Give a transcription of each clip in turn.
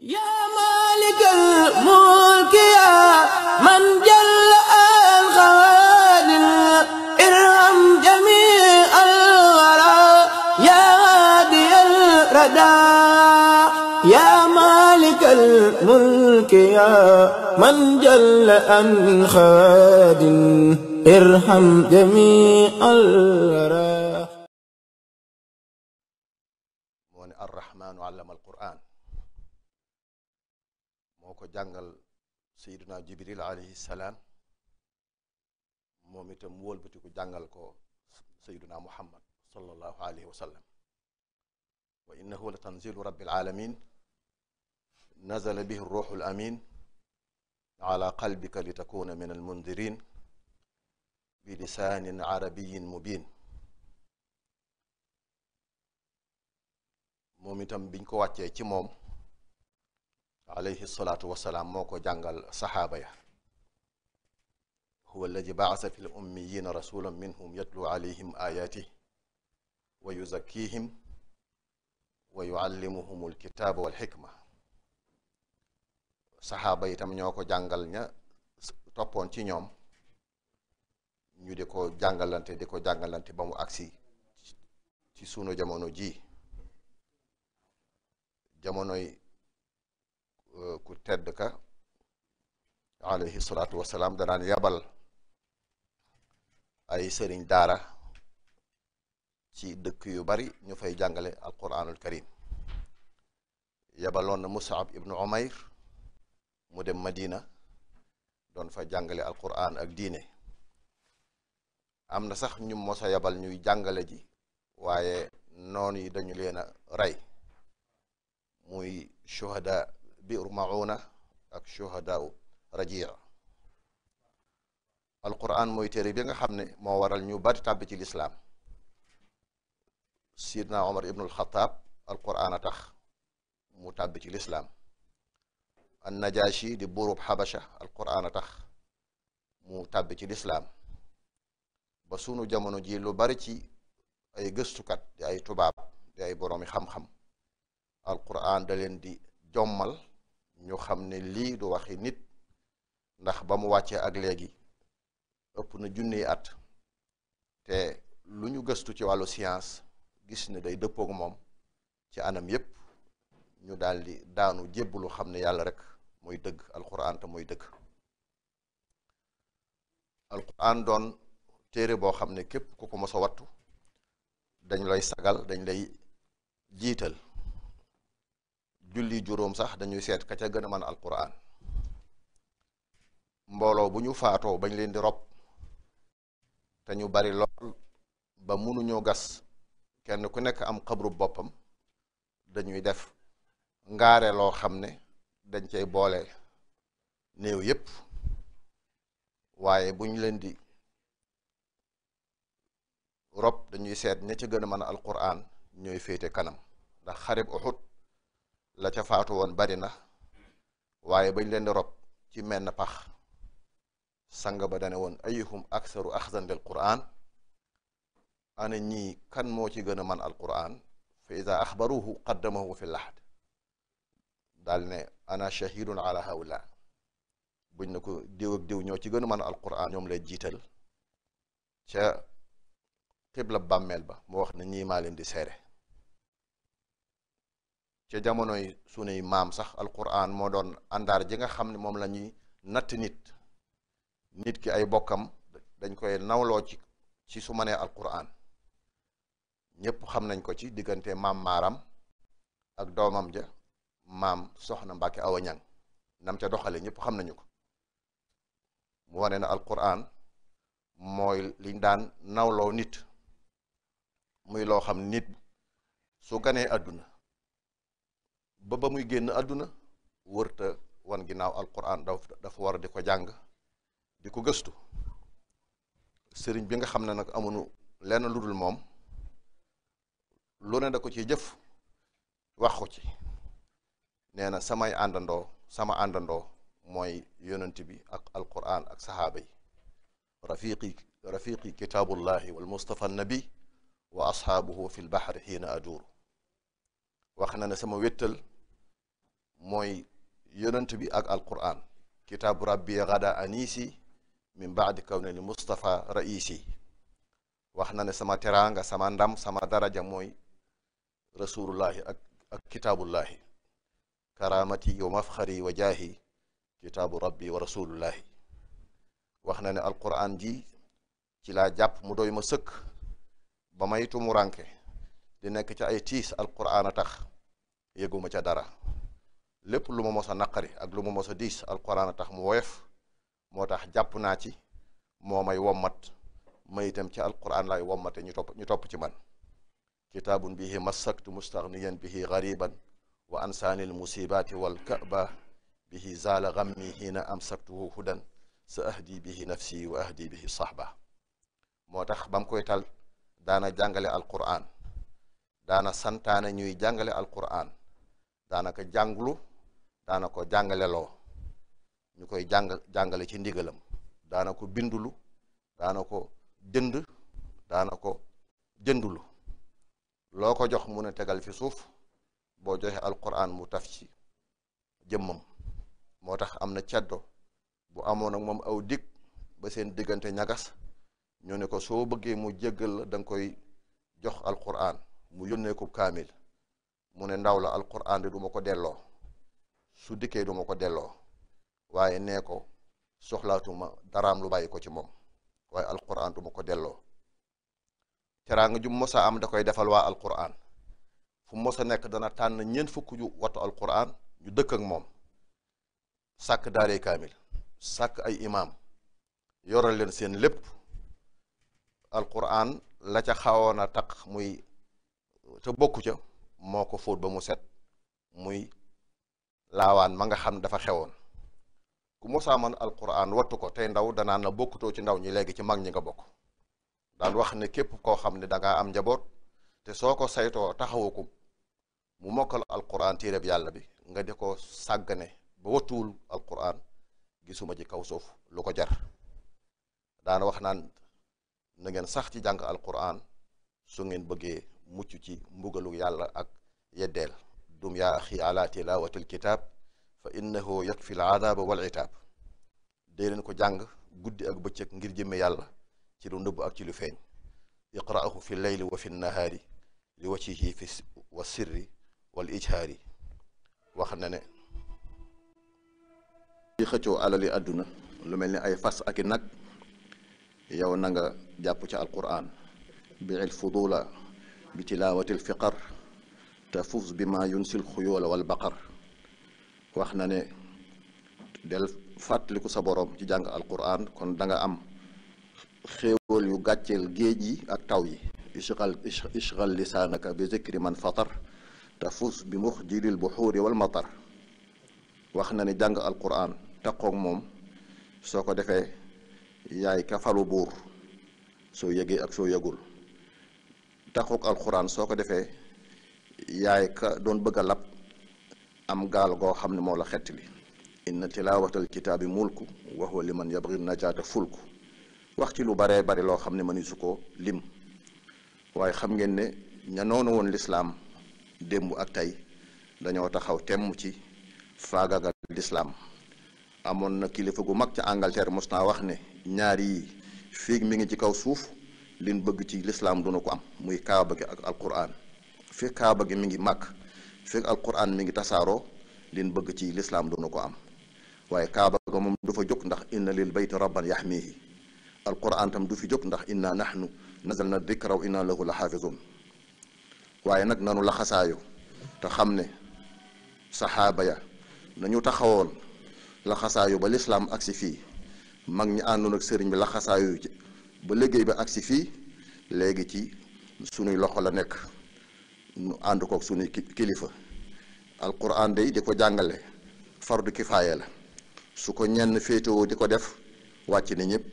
yaa maalikal mulki yaa man jalla al xawaadim irham jamii al waraa yaa haadiyal radaa yaa maalikal mulki yaa man jalla al xawaadim irham jamii al waraa jàngal sayiduna jibril alayhi salaam moom itam wëlbatiku jàngal ko sayiduna muhammad sallallahu alayhi wa sallam wa innahu la tanzilu rabbil alamin nazala bihi ruuxu al amin ala qalbika li takuna min al mundirin bi lisaanin arabiyin mubin moom itam biñ ko wàccee ci moom alayhi salaatu wasalaam moo ko jàngal saxaaba ya huwa alladi baasa fi l ummiyina rasulan minhum yatlu alayhim ayatih wa yuzakkihim wa yuallimuhum alkitaaba walxikma saxaaba itam ñoo ko jàngal ña toppoon ci ñoom ñu di ko jàngalante di ko jàngalante ba mu agsi ci sunu jamono ji jamonoy ku tedd ka alayhi salaatu wasalaam danaan yabal ay sëriñ daara ci dëkk yu bari ñu fay jàngale alquranul karim yabaloon na Mus'ab ibnu Umayr mu dem Madina doon fa jàngale alquran ak diine am na sax ñu mos yabal ñuy jàngale ji waaye noon yi dañu leen a rey muy shuhada biir mauna ak shuhadaa rajia alquran mooy téere bi nga xam ne moo waral ñu bari tàbbi ci lislaam sidna omar ibnul xataab alquran a tax mu tàbbi ci lislaam an najashi di buurub xabasha alquran a tax mu tàbbi ci lislaam ba sunu jamono ji lu bari ci ay gëstukat di ay tubaab di ay boroomi xam-xam alquran da leen di jommal ñu xam ne lii du waxi nit ndax ba mu wàccee ak léegi ëpp na junniy at te lu ñu gëstu ci wàllu science gis ne day dëppoog moom ci anam yépp ñu daldi daanu jébbalu xam ne yàlla rek mooy dëgg alquran te mooy dëgg alquran doon téere boo xam ne képp ku ko mos a wattu dañ lay sagal dañ lay jiital julli juróom sax dañuy seet ka ca gën a mën alquran mbooloo bu ñu faatoo bañ leen di rob te ñu bari lool ba mënuñoo gas kenn ku nekk am xabru boppam dañuy def ngaare loo xam ne dañ cay boole néew yépp waaye bu ñu leen di rob dañuy seet ña ca gën a mën alquran ñooy féete kanam ndax xarib Uhud la ca faatu woon bari na waaye bañ leen di rob ci menn pax sang ba dane woon ayuhum aksaru axzan lil quraan ana ñii kan moo ci gën a man al quraan fa ida axbaruhu qaddamahu fi lahd daal ne ana shahidun ala haula buñ na ko diw ak diw ñoo ci gën a man al quraan ñoom lay jiital ca xibla bàmmeel ba mu wax ne ñii ma leen di seere ca jamonoy sunuy maam sax alquran moo doon àndaar ji nga xam ne moom la ñuy natt nit nit ki ay bokkam dañ koy nawloo ci ci su ma nee alquran ñépp xam nañ ko ci diggante maam maaram ak doomam ja maam soxna Mbàkke Awa Ñang nam ca doxale ñépp xam nañu ko mu wane na alquran mooy liñ daan nawloo nit muy loo xam nit su ganee àdduna baba muy génn àdduna wërta wan ginnaaw alquran dafa war di ko jàng di ko gëstu sëriñ bi nga xam ne nag amuñu lenn lu moom lu ne da ko ci jëf wax ko ci nee na samay àndandoo sama àndandoo mooy yonent bi ak alquran ak saxaaba yi rafiqi rafiqi kitaabullahi wal mustafa nabi wa ashaabuhu fi lbaxri xiina ajuuru wax na ne sama wéttal mooy yonent bi ak alquran kitaabu rabbi gada anisi min baadi kaw ne li mustapha raisi wax na ne sama teraanga sama ndam sama daraja mooy rasulullahi ak ak kitaabullahi karamati wa mafxari wa jaahi kitaabu rabbi wa rasulullahi wax na ne alquran ji ci laa jàpp mu doy ma sëkk ba may tumuranke di nekk ca ay tiis alquran a tax yëguma ca dara lépp lu ma mos a naqari ak lu ma mos a diis alquran a tax mu woyof moo tax jàpp naa ci moo may wommat may itam ci alquran laay wommate ñu topp ñu topp ci man kitaabun bihi massaktu mustaghniyan bihi ghariban wa ansaanil musibaati wal ka'ba bihi zaala ghammi hiina amsaktuhu hudan sa ahdi bihi nafsi wa ahdi bihi sahba moo tax bam koy tal daana jàngale alquran daana santaane ñuy jàngale alquran daanaka jànglu daana ko jàngaleloo ñu koy jàng jàngale ci ndigalam daana ko bindulu daana ko jënd daana ko jëndulu loo ko jox mu ne tegal fi suuf boo joxe alquran mu taf ci jëmmam moo tax am na ceddo bu amoon ak moom aw dig ba seen diggante ñagas ñoo ne ko soo bëggee mu jéggal la da koy jox alquran mu yónnee ko kaamil mu ne ndaw la alquran de duma ko delloo su dikkee duma ko delloo waaye nee ko soxlaatuma daraam lu bàyyi ko ci moom waaye alquran duma ko delloo teraanga ju mosa am da koy defal waa alquran fu mosa nekk dana tànn ñeent fukk ju watu alquran ñu dëkk ak moom sàkk daaree kaamil sàkk ay imaam yoral leen seen lépp alquran la ca xawoon a taq muy te bokku ca moo ko fóot ba mu set muy laawaan ma nga xam dafa xewoon ku mosaa man alquran wattu ko tey ndaw danaan na bokkutoo ci ndaw ñi léegi ci mag ñi nga bokk daan wax ne képp koo xam ne danga am njaboot te soo ko saytoo taxawu ko mu mokkal alquran téereb yàlla bi nga de ko sàggane ba wattuwul alquran gisuma ci kaw suuf lu ko jar daan wax naan na ngeen sax ci jàng alquran su ngeen bëggee mucc ci mbugalu yàlla ak yeddeel dum ya axi ala tilawati alkitab fa innahu yakfi alaadaba ko jàng guddi ngir jëmme yàlla ci lu nëbb ak ci lu li wajhihi lu mel ni ay fas ak i nag yow na nga jàpp ci alquran bi al bi tilaawati alfiqar tafus bi maa yunsil xuyoola wal baqar wax na ne del fàttaliku sa boroom ci jàng alquran kon danga am xéewal yu gàcceel géej yi ak taw yi ishgal ishgal lisaanaka bi zikri man fatar tafus bi mux jiril buxuuri wal matar wax na ne jàng alquran taqoog moom soo ko defee yaay kafalu buur soo yëgee ak soo yëgul taqoog alquran soo ko defee yaay ka doon bëgga a lab am gaal goo xam ne moo la xett li inna tilaawatal kitaabi mulku wa huwa liman yabri najaata fulku wax ci lu baree bari loo xam ne mënu su ko lim waaye xam ngeen ne ña woon lislaam démb ak tey dañoo taxaw temm ci faagagal lislaam amoon na kilifa gu mag ci Angleterre mos naa wax ne ñaar yi fii mi ngi ci kaw suuf lin bëgg ci lislaam duna ko am muy kaaba gi ak alquran fekk kaaba gi mi ngi màkk fekk alquran mi ngi tasaaroo liñ bëgg ci lislaam doona ko am waaye kaaba ga moom du fa jóg ndax inna lil bayti rabban yaxmihi alquran tam du fi jóg ndax in inna nahnu nazal na dikra wa inna lahu la xaafizun waaye nag nanu laxasaayu te xam ne saxaaba ya nañu taxawoon laxasaayu ba lislaam agsi fii mag ñi àndoon ak sëriñ bi laxasaayu ba liggéey ba agsi fii léegi ci sunuy loxo la nekk nu ànd koog suñu kilifa alquran day di ko jàngale fardu kifaaya la su ko ñenn féetewoo di ko def wàcc na ñëpp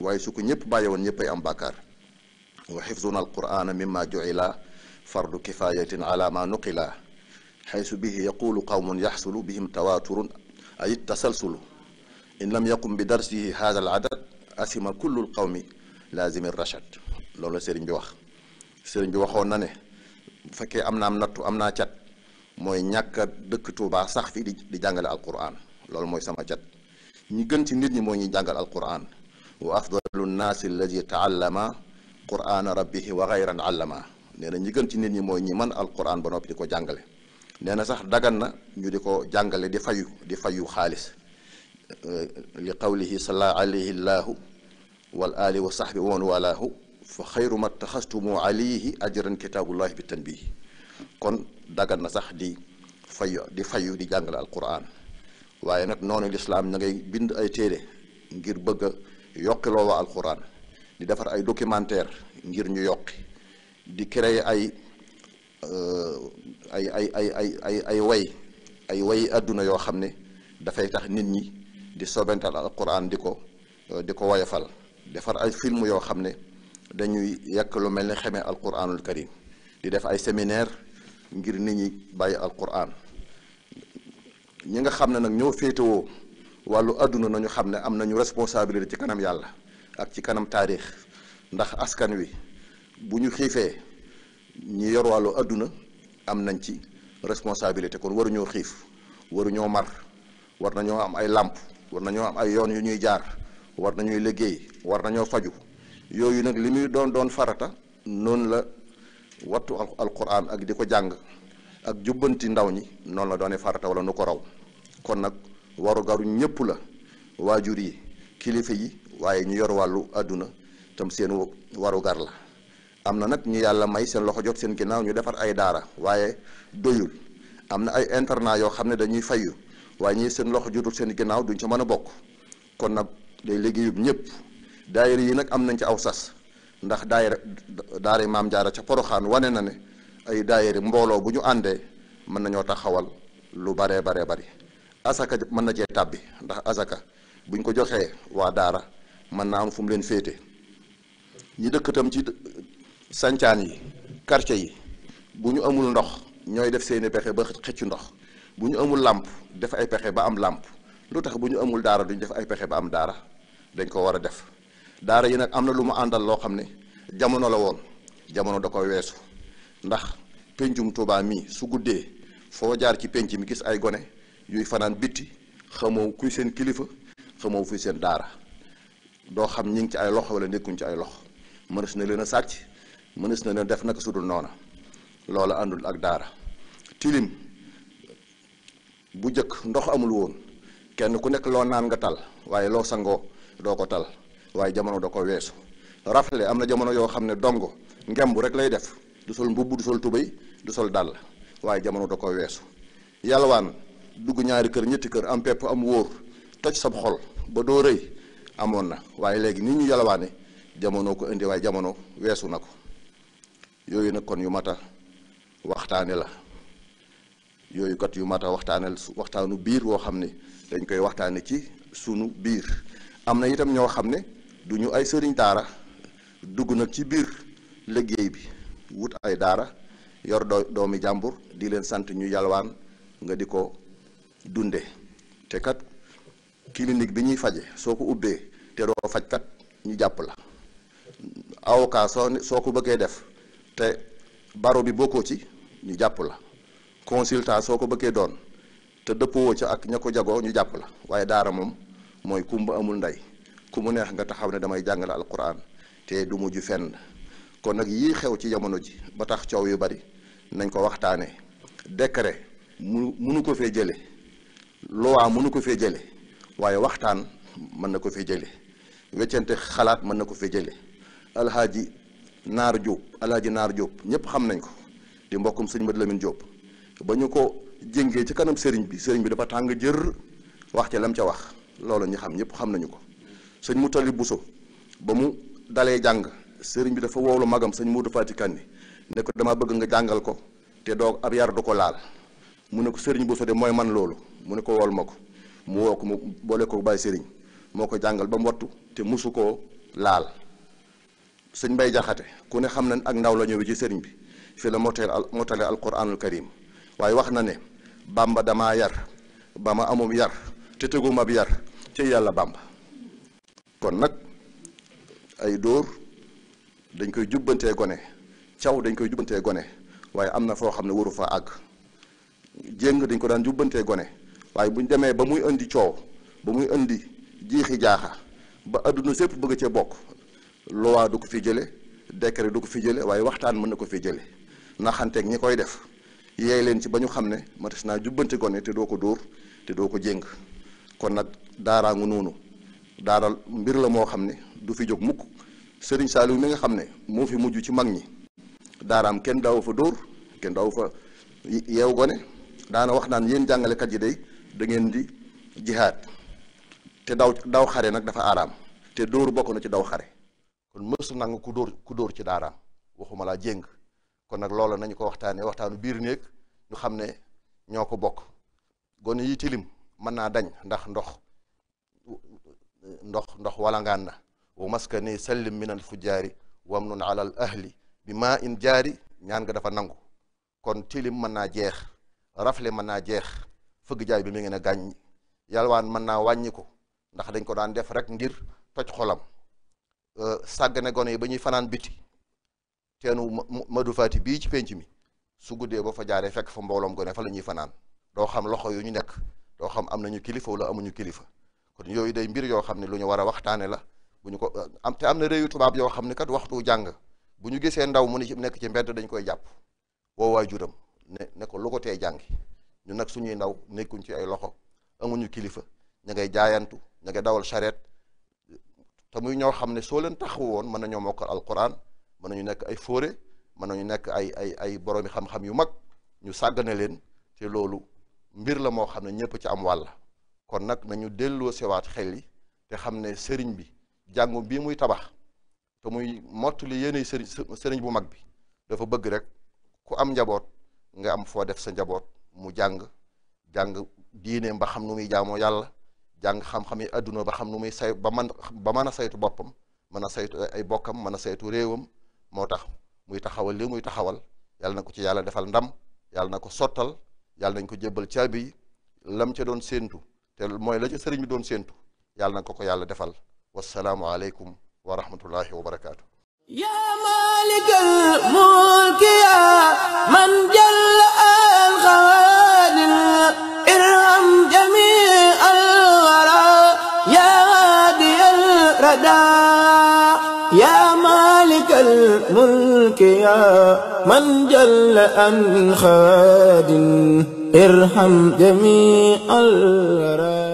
waaye su ko ñëpp bàyyi woon ñëpp ay am bàkkaar wa xifzuna alqurana mimma juila fardu kifayatin ala ma nuqila xaysu bihi yaqulu qawmun yaxsulu bihim tawaturun ay ittasalsulu in lam yaqum bi darsihi hada al adad asima kullu l qawmi lazimi rachad loolu la sëriñ bi wax sëriñ bi waxoon na ne bu fekkee am naa nattu am naa cat mooy ñàkk dëkk Touba sax fii di di jàngale alquran loolu mooy sama cat ñi gën ci nit ñi mooy ñuy jàngal alquran wa afdalu nnaasi alladi taallama qurana rabbihi wa gayran allama nee ñi gën ci nit ñi mooy ñi man alquran ba noppi di ko jàngale nee na sax dagan na ñu di ko jàngale di fayu di fayu xaalis li qawlihi sala alayhi llaahu wal ali wa sahbi wa man walaahu fa xayru ma taxastumu alayhi ajran kitaabullahi bi tanbih kon daggal na sax di fayu di fayu di jàngale alquran waaye nag noonu lislaam na ngay bind ay téere ngir bëgg a yokkiloo waa alquran di defar ay documentaire ngir ñu yokki di créer ay euh, ay ay ay ay way ay way àdduna yoo xam ne dafay tax nit ñi di sobental alquran di ko di ko woyofal defar ay film yoo xam ne dañuy yàq lu mel ni xamee alquranul karim di def ay séminaire ngir nit ñi bàyyi alquran ñi nga xam ne nag ñoo féetewoo wàllu àdduna nañu xam ne am na ñu responsabilité ci kanam yàlla ak ci kanam taarix ndax askan wi bu ñu xiifee ñi yor wàllu àdduna am nañ ci responsabilité kon waruñoo xiif waruñoo mar war nañoo am ay làmp war nañoo am ay yoon yu ñuy jaar war nañuy liggéey war nañoo faju yooyu nag li muy doon doon farata noonu la wattu alquran ak di ko jàng ak jubbanti ndaw ñi noonu la doon farata wala nu ko raw kon nag warugaru ñépp la waajur yi kilifa yi waaye ñu yor wàllu àdduna tam seen warugar la am na nag ñu yàlla may seen loxo jot seen ginnaaw ñu defar ay daara waaye doyul am na ay internat yoo xam ne dañuy fayu waaye ñii seen loxo jotul seen ginnaaw duñ ca mën a bokk kon nag day liggéeyub ñëpp daayira yi nag am nañ ci aw sas ndax daayira daare maam jaara ca poroxaan wane na ne ay daayira mbooloo bu ñu àndee mën nañoo taxawal lu baree baree bari asaka mën na cee tàbbi ndax asaka buñ ko joxee waa daara mën naa am fum leen féete ñi dëkk ci sancaan yi quartier yi bu ñu amul ndox ñooy def seeni pexe ba xëccu ndox bu ñu amul làmp def ay pexe ba am làmp lu tax bu ñu amul daara duñ def ay pexe ba am daara dañ ko war a def daara yi nag am na lu mu àndal loo xam ne jamono la woon jamono da ko weesu ndax péncum Tuubaa mii su guddee foo jaar ci pénc mi gis ay gone yuy fanaan bitti xamoo kuy seen kilifa xamoo fuy seen daara doo xam ñi ngi ci ay loxo wala nekkuñ ci ay loxo mënees na leen a sàcc mënees na ne def naka sudul noona loola àndul ak daara tilim bu jëkk ndox amul woon kenn ku nekk loo naan nga tal waaye loo sangoo doo ko tal waaye jamono da ko weesu rafle am na jamono yoo xam ne dongo ngemb rek lay def du sol mbubb du sol tubéy du sol dàll waaye jamono da ko weesu yalwaan dugg ñaari kër ñetti kër am pepp am wóor toj sab xol ba doo rëy amoon na waaye léegi nit ñu yalwaane jamono ko indi waaye jamono weesu na ko yooyu nag kon yu mata waxtaane la yooyu kat yu mata waxtaaneel waxtaanu biir woo xam ne dañ koy waxtaane ci sunu biir am na itam ñoo xam ne du ñu ay sëriñ daara dugg nag ci biir liggéey bi wut ay daara yor doomi jàmbur di leen sant ñu yalwaan nga di ko dunde te kat clinique bi ñuy faje soo ko ubbee te doo fajkat ñu jàpp la avocat soo ko bëggee def te baro bi bokkoo ci ñu jàpp la consultant soo ko bëggee doon te dëppoo ca ak ña ko jagoo ñu jàpp la waaye daara moom mooy kumba amul ndey ku mu neex nga taxaw ne damay jàngale alquran te du mujj fenn kon nag yii xew ci jamono ji ba tax coow yu bari nañ ko waxtaane décret mu munu ko fee jële loi munu ko fee jële waaye waxtaan mën na ko fee jële weccante xalaat mën na ko fee jële alhaaji naar Diop alhaaji naar Diop ñépp xam nañ ko di mbokkum sëñ Mad Lamin Diop ba ñu ko jéngee ci kanam sëriñ bi sëriñ bi dafa tàng jër wax ca lam ca wax loolu ñu xam ñëpp xam nañu ko sëñ Moutali Bousso ba mu dalee jàng sëriñ bi dafa woolu magam sëñ Modou Fati Kanni ne ko damaa bëgg nga jàngal ko te doog ab yar du ko laal mu ne ko sëriñ Bousso de mooy man loolu mu ne ko wool ma ko mu woo ko mu boole ko bàyyi sëriñ moo ko jàngal ba mu wattu te musu koo laal sëñ Mbay Jaxate ku ne xam na ak ndaw la ñëwee ci sëriñ bi fi la moteel motale alquranul karim waaye wax na ne bàmba damaa yar ba ma amoom yar te teguma ab yar ci yàlla bàmba kon nag ay dóor dañ koy jubbantee gone caw dañ koy jubbantee gone waaye am na foo xam ne waru fa àgg jéng dañ ko daan jubbantee gone waaye bu demee ba muy indi coow ba muy indi jiixi jaaxa ba adduna sépp bëgg cee bokk loi du ko fi jële décret du ko fi jële waaye waxtaan mën na ko fi jële naxanteeg ñi koy def yeey leen ci ba ñu xam ne matas naa jubbante gone te doo ko dóor te doo ko jéng kon nag daaraangu noonu daaral mbir la moo xam ne du fi jóg mukk sëriñ Saliou mi nga xam ne moo fi mujj ci mag ñi daaraam kenn daaw fa dóor kenn daaw fa yeew gone daana wax naan yéen jàngalekat yi day da ngeen di jihaad te daw daw xare nag dafa aaraam te dóor bokk na ci daw xare kon mësu nang ku dóor ku dóor ci daaraam waxuma laa jéng kon nag loola nañu ko waxtaanee waxtaanu biir néeg ñu xam ne ñoo ko bokk gone yi tilim mën naa dañ ndax ndox ndox ndox walangaan na ni maskani sallim min al fujjaari wamnun ala al ahli bi maa in jaari ñaan nga dafa nangu kon tilim mën naa jeex rafle mën naa jeex fëgg jaay bi mi na a gàññi yalwaan mën naa wàññi ko ndax dañ ko daan def rek ngir toj xolam euh, sàggane gone yi ba ñuy fanaan biti teenu madu fati bii ci penc mi su guddee ba fa jaaree fekk fa mbooloom gone fa la ñuy fanaan doo xam loxo yu ñu nekk doo xam am nañu kilifa wala amuñu kilifa kon yooyu day mbir yoo xam ne lu ñu war a waxtaane la bu ko am te am na réewu tubaab yoo xam ne kat waxtu jàng bu ñu gisee ndaw mu ni nekk ci mbedd dañ koy jàpp woo juram ne ne ko lu ko tee jàngi ñu nag suñuy ndaw nekkuñ ci ay loxo amuñu kilifa ña ngay jaayantu ña ngay dawal charrette te muy ñoo xam ne soo leen taxawu woon mën nañoo al alquran mën nañu nekk ay fóore mën nañu nekk ay ay ay boroomi xam-xam yu mag ñu sàggane leen te loolu mbir la moo xam ne ñëpp ci am wàll kon nag nañu delloo sewaat xel yi te xam ne sëriñ bi jàngu bii muy tabax te muy mottali yéenay sëriñ sëriñ bu mag bi dafa bëgg rek ku am njaboot nga am foo def sa njaboot mu jàng jàng diineem ba xam nu muy jaamoo yàlla jàng xam-xam yi àdduna ba xam nu muy say ba man ba mën a saytu boppam mën a saytu ay bokkam mën a saytu réewam moo tax muy taxawal li muy taxawal yàlla na ko ci yàlla defal ndam yàlla na ko sottal yàlla nañ ko jébbal caabi yi lam ca doon séentu te mooy la ca sëriñ bi doon séentu yàlla na ko ko yàlla defal wasalaamu aleykum wa rahmatullahi wa barakaatu yaa maalikal mulki yaa man jàll al xawaadil irham jami al wara yaa haadiyal radaa yaa maalikal mulki yaa man jàll an xawaadin ارحم جميع الرحم